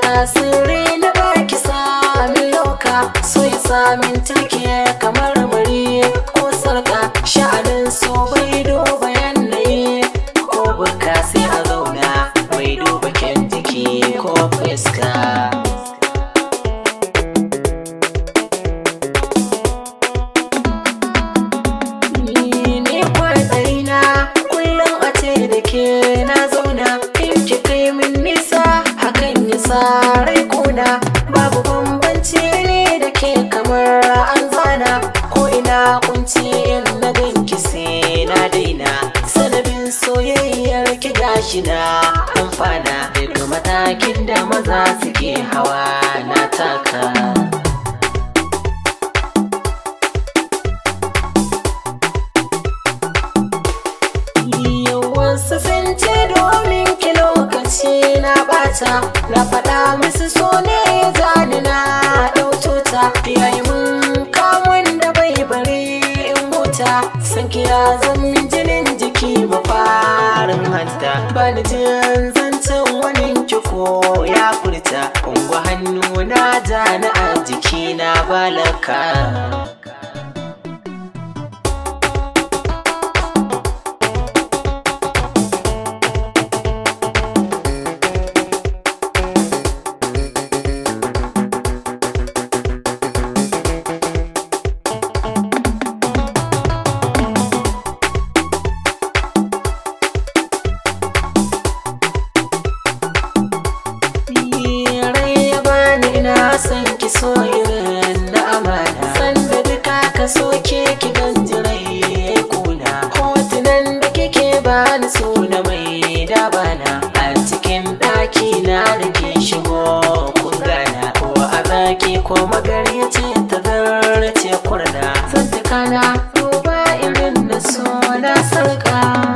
tasiri na baki sami loka so ya samin take kamar bari ko sarka sha'anin so bai duba yanayi ko buka sai a zauna bai duba kyan ko fuska sarai kuna babu bambanci ne da ke kamar an zana ko ina kunci in na ganki sai na daina sanabin soyayyar ki gashi na amfana daga matakin da maza suke hawa na taka wasu sun domin lokaci na ɓata na faɗa ya zan jinin jiki mafarin farin hanta Bani ni jin zancen wani kiko ya furta ungu hannu na da na a jiki na balaka na so ke ki ya kuna hotunan da kike ba ni so mai dabana a cikin ɗakina na da ke shigo kun gana ko a baki ko magari ce ta zarce kurna sun tukana duba irin na so sarka. sarƙa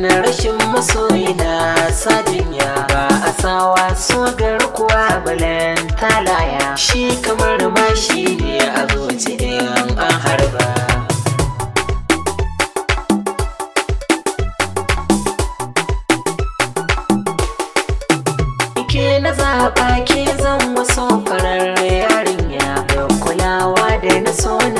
Na rashin masoyi na sajinya ba a sawa so garkuwa balan talaya shi kamar ma shi ne a ɗin an harba ke na zaɓa ke zan waso farar yarinya da kulawa da na so na